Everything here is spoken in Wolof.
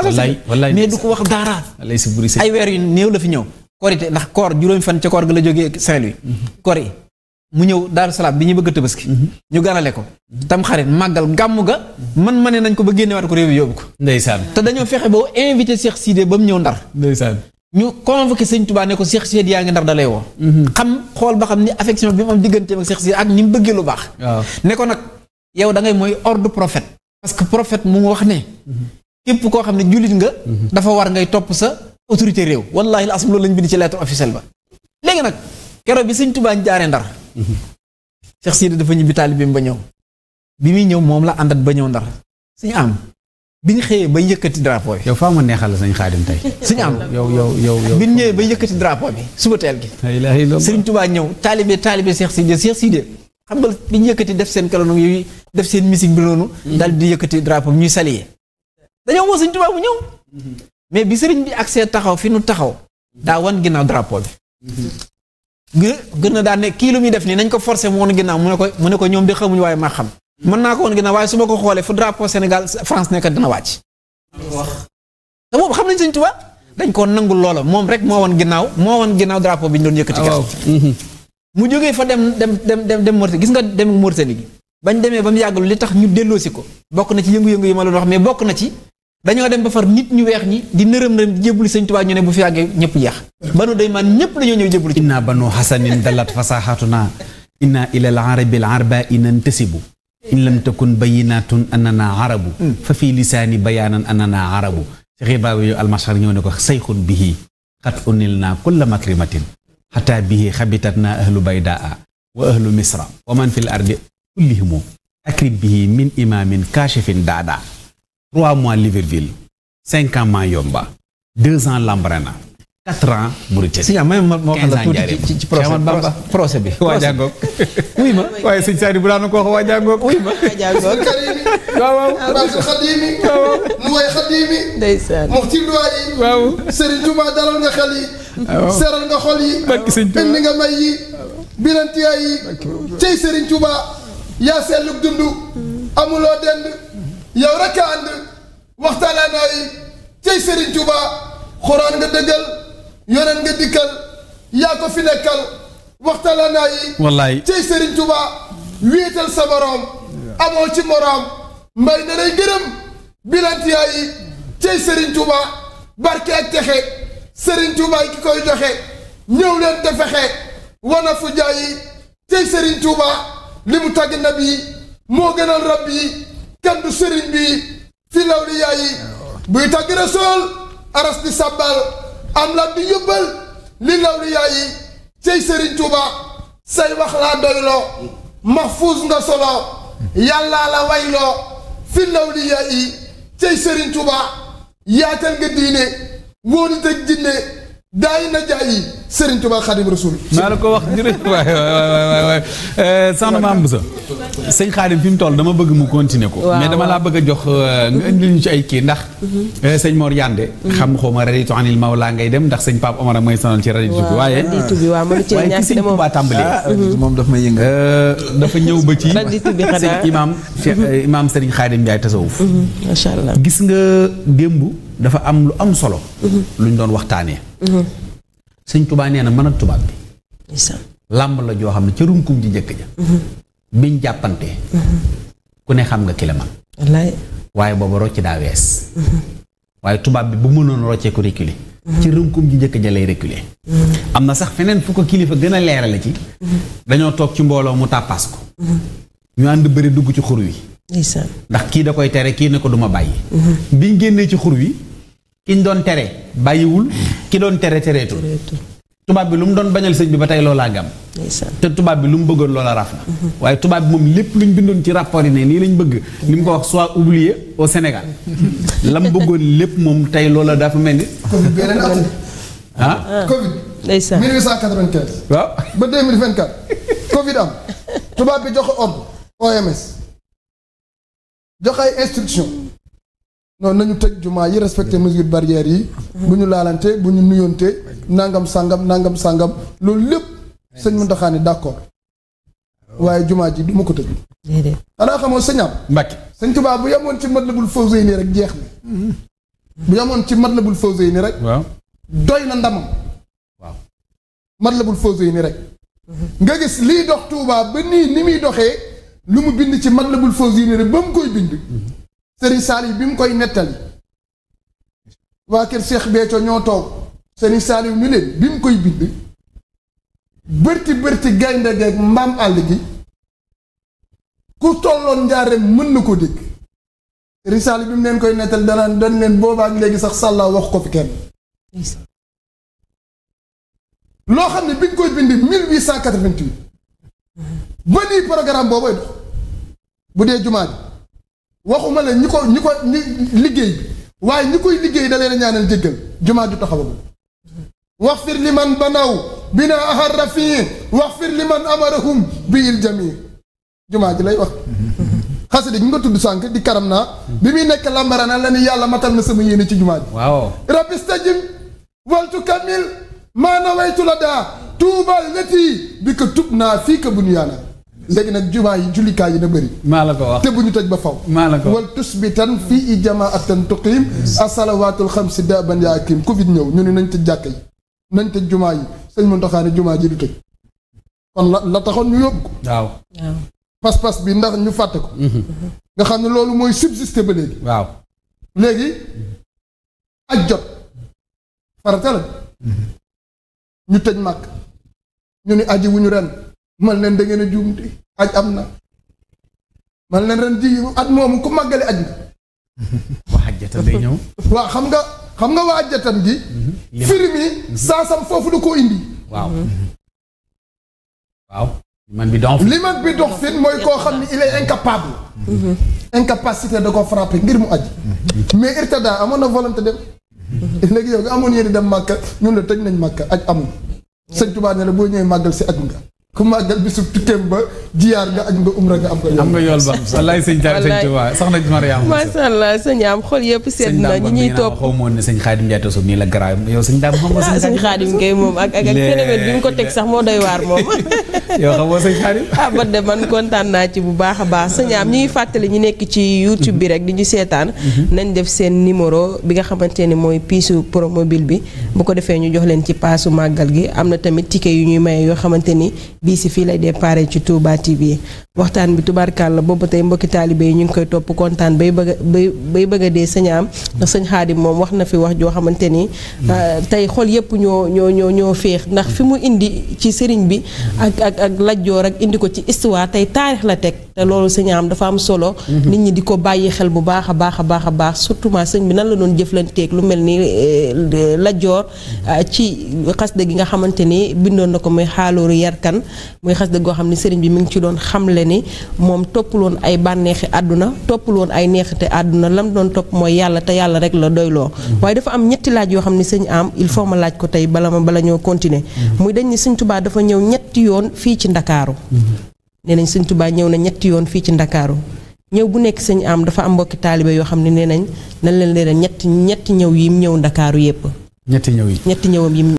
naa la mais du ko wax dara ay weer yu néew la fi ñëw korite ndax koor juróomi fan ca koor ga la jógee Saint-Louis kori mu ñëw daaru salaam bi ñuy bëgg a mhm. ñu ganale ko tam xarit màggal gàmm ga man ma ne nañ ko ba génnewaat ko réew yi yóbbu ko ndeysaan te dañoo fexe ba invité Cheikh Sidé ba mu ñëw ndar ndeysaan ñu convoqué sëñ Touba ne ko Cheikh Sidé yaa ngi ndar dalay woo mhm. xam xool ba xam ni affection bi mu am digganteem ak Cheikh Sidé ak ni mu bëggee lu baax ne ko nag yow da ngay mooy ordre prophète parce que prophète mu wax ne mhm. képp koo xam ne jullit nga dafa war ngay topp sa autorité réew wallahi la asm loolu lañ bind ci lettre officielle ba léegi nag keroog bi sëñ Tuubaa jaaree ndar Cheikh Sidi dafa ñibbi taalibeem ba ñëw bi muy ñëw moom la àndat ba ñëw ndar suñu am bi ñu xëyee ba yëkkati drapeau bi yow faa ma neexal la sëñ Xaadim tey suñu am yow yow yow yow bi ñu ñëwee ba yëkkati drapeau bi suba teel gi sëriñ Tuubaa ñëw taalibe taalibe Cheikh Sidi Cheikh Sidi xam nga bi ñu yëkkati def seen kaloon yooyu def seen musique bi noonu mm-hmm. daal di yëkkati drapeau bi ñuy saliyee dañoo woo sëñ Tuubaa bu ñëw mm-hmm. mais bi sëriñ bi agsee taxaw fi nu taxaw daa wan ginnaaw drapeau bi mm-hmm. gën a daan ne kii lu muy def nii nañ ko forcé mu woon ginnaaw mu ne ko mu ne ko ñoom di xamuñu waaye maa xam mm-hmm. mën naa ko woon ginnaaw waaye su ma ko xoolee fu drapeau Sénégal France nekk dina wàcc te boobu xam nañ sëñ Tuubaa dañ ko nangul loola moom rek moo woon ginnaaw moo woon ginnaaw drapeau bi ñu doon yëkkati mu jógee fa dem dem dem dem Mauritanie gis nga dem Mauritanie gi bañ demee ba mu yàggul li tax ñu delloosi ko bokk na ci yëngu-yëngu yi ma la wax mais bokk na ci dañoo dem ba far nit ñu weex ñi di nërëm nërëm di jébbalu sëñ Tuubaa ñu ne bu fi yàggee ñëpp yeex banu day maan ñëpp dañoo ñëw jébbalu inna banu hasanin dalat fasahatuna inna ila al arabi al arba inan tasibu in lam takun bayinatun annana arabu hmm. fa fi lisaani bayaanan annana arabu cheikh baba yu almashar ñëw ne ko sayxun bihi xat unil naa kulla makrimatin xataa bihi ahlu baydaa wa ahlu misra wa man fi l ardi kullihimu akrib bihi min imamin 3 mois Liverville, 5 ans Mayomba, 2 ans Lambrana, 4 ans Mauritanie. Si, mais moo xam la tuuti ci procès Bamba procès bi. waa jàngoog. oui ma waaye sëñ Saari bu daan ko wax waa jàngoog. oui ma waa jàngoog. waaw waaw. Raasu ah, Xadiimi. waaw nu way Xadiimi. ndeysaan Muxti Luwaayi. waaw Serigne Touba dalal nga xel yi. Ah, waaw seral nga xol yi. bakki sëñ Touba indi nga may yi. birantiya yi. cey Serigne Touba. yaa seetlu dund. Mm. amuloo dend. yow rek a ànd waxtaanaa naa cey Serigne Touba xoraan nga dëggal yoneen nga dikkal yaa ko fi nekkal waxtaanaa naa yi. wallaay cey Serigne Touba wéetal mbay na gërëm. bilantiyaa yi cey Serigne Touba barke ak texe Serigne Touba ki koy joxe ñëw te fexe wana fu jaay yi cey Serigne Touba li mu tagg nabi moo gënal rab yi. kaddu sëriñ bi fi lawliyaa yi buy tàgg rasool aras di sàbbal am la di yóbbal li lawliyaa yi cey sëriñ Tuuba say wax laa doyloo mahfuus nga solo yàllaa la wayloo fi lawliyaa yi cey sëriñ Tuuba yaatal nga diine wóolu teg daay na jaay Serigne Touba Khadim Rasoul. maa la ko wax jërëjëf waay waay waay eh, maam Moussa. sëñ Khadim fi mu toll dama bëgg mu continuer ko. mais dama laa bëgg a jox euh, nga indi ñu ci ay kii ndax. Mhm. Eh, sëñ moor Yande. Mhm. xam nga xaw ma raditu anil Mawla ngay dem ndax sëñ Pape Omar ak may sonal ci raditu bi. waaye waaye ci sëñ ah, mhm. moom daf may yëngal. Euh, dafa ñëw ba ci. raditu bi xanaa sëñ Imaam. Euh, Imaam Serigne Khadim tasawuf. gis nga démb dafa am lu am solo. luñ doon waxtaanee. sëñ tubaa nee na mën ak tubaab bi làmb la joo xam ne ca runkum ji njëkk ja mhm. biñ jàppante mhm. ku ne xam nga ki la man waaye booba rocc daa wees mhm. waaye tubaab bi bu mënoon roccee ko reculer ci runkum ji njëkk ja lay reculer am na sax feneen fu ko kilifa gën a leerale ci dañoo toog ci mbooloo mu tàppaas ko ñu ànd bëri dugg ci xur wi ndax kii da koy tere kii ne ko duma bàyyi biñ génnee ci xur wi kiñ doon tere bàyyiwul ki doon tere tereetul tubaab bi lu mu doon bañal sëñ bi ba tey loolaa gam te tubaab bi lu mu bëggoon loola raf na mhm. waaye tubaab bi moom lépp lu ñu bindoon ci rapport yi ne nii lañ bëgg li mu ko wax soit oublié senegal la mhm. lam bëggoon lépp moom tey loola dafa mel ni covid beneen at ah, ah. covid 1895 waaw ba 2024 covid am tubaab bi jox ordre OMS joxe ay instruction noonu nañu tëj jumaa yi respecté mesures barrières yi. bu ñu laalante bu ñu nuyoonte nangam sàngam nangam sàngam loolu lépp sëñ Mountakha ni d'accord waaye jumaa ji du ma ko tëj. déedéet xanaa xamoo sëñ am. Mbacke sëñ Tuubaa bu yemoon ci Matlabul Fawzayni rek jeex na. bu yemoon ci Matlabul Fawzayni rek. doy na ndamam. waaw Matlabul Fawzayni rek. nga gis liy dox Touba ba nii ni muy doxee lu mu bind ci Matlabul Fawzayni rek ba mu koy bind. sëriñ Saaliw bi mu koy nettali waa kër Cheikh Béthio ñoo toog sëriñ Saaliw bi mu koy bind bërti bërti gaynde geeg mbaam àll gi ku tolloon njaareem mën na ko dégg sëriñ bi mu leen koy nettali danaan dan leen boobaak léegi sax sàllaa wax ko fi kenn loo xam ne bi ñu koy bind 1888 ba nii programme boobay bu dee jumaa ji waxuma la ñi ko ñi ko ñi liggéey waaye ñi koy liggéey da leen a ñaanal jéggal jumaa ju wax waxfir li man banaw bina ahar rafiin waxfir li man amarahum bi il jamii jumaa ji lay wax xasida gi nga tudd sànk di karam naa bi muy nekk lambarana la ni yàlla matal na sama yéene ci jumaa ji waaw rabbi stajim waltu kamil maana waytu la daa tuubal lati bi ko tub naa fii ka bunyaana léegi nag jumaa yi jullikaay yi na bëri maa la ko ñu tëj ba faw maa la ko tan tusbitan fii i jamaatan tuqiim asalawaatul xamsi daban yaa kiim covid ñëw ñu ne nañ tëj jàkka yi nañ tëj jumaa yi sëñ Muntaxa ne jumaa ji du tëj kon la taxoon ñu yóbbu ko pas-pas bi ndax ñu fàtte ko mhm. nga xam ne loolu mooy subsisté ba léegi waaw léegi aj jot farata mhm. ñu tëj màkk ñu ni aji wu ñu ren man leen dangeen a juumte aj am na man leen ren ji at moomu ku màggale aj nga waa ñëw xam nga xam nga waa di ji firim yi saasam foofu du koo indi mm-hmm. Mm-hmm. liman bi dox liman bi dox mooy koo xam ne il est incapable mm-hmm. incapacité da ko frappé ngir mu aj mais irtada amoon na volonté dem léegi yow nga amoon yéen dem màkka ñun la tëj nañ màkka aj amu sëñ Tuubaa ne la boo ñëwee màggal si aj nga ku màggal bisu tutteem ba jiyaar nga aj nga umra nga am nga yoon am yool ba wallaay sëñ Jaara sëñ Tuubaa soxna Mariama masha Allah am xol yëpp seet na ñi ñuy topp xaw moon ne sëñ Xaadim Njaay la garaaw yow sëñ daam xam moom ak ak phénomène bi mu ko teg sax moo doy waar moom yow xam nga Xaadim ah de man kontaan naa ci bu baax a baax sëñ am ñi ngi fàttali ñu nekk ci YouTube bi rek di ñu seetaan mhm. nañ def seen numéro bi nga xamante ne mooy piisu promobile bi bu ko defee ñu jox leen ci paasu màggal gi am na tamit ticket yu ñuy maye yoo xamante ni bii si fii lay déparé ci Touba TV waxtaan bi tubaarkàlla boobu tey mbokki taalibe yi ñu ngi koy topp kontaan bay bëgg bay bay bëgg a dee sëñ am ndax sëñ xaadim moom wax na fi wax joo xamante ni mm. ah, tey xol yëpp ñoo ñoo ñoo ñoo féex ndax fi mu indi ci sëriñ bi mm. ak ak ak lajjoor ak indi ko ci histoire tey taarix la teg te loolu sëñ am dafa am solo mm-hmm. nit ñi di ko bàyyi xel bu baax a baax a baax a baax surtout ma sëñ bi nan la doon jëflanteeg lu mel ni eh, lajjoor ah, ci xasida gi nga xamante ni bindoon na ko ci doon xamle ni moom loon ay bànneexi àdduna toppuloon ay neexite àdduna lam doon topp mooy yàlla te yàlla rek la doyloo mm-hmm. waaye dafa am ñetti laaj yoo xam ne sëñ am il faut ma laaj ko tey bala ma bala ñoo continé mm-hmm. muy dañ ni sëñ Tuubaa dafa ñëw ñetti yoon fii ci Ndakaaru mm-hmm. nee nañ sëñ ñëw na ñetti yoon fii ci Ndakaaru ñëw bu nekk sëñ am dafa am mbokki taalibe yoo xam ne nee nañ nañ leen leen ñetti ñetti ñëw yim ñëw Ndakaaru yépp ñetti ñëwam yim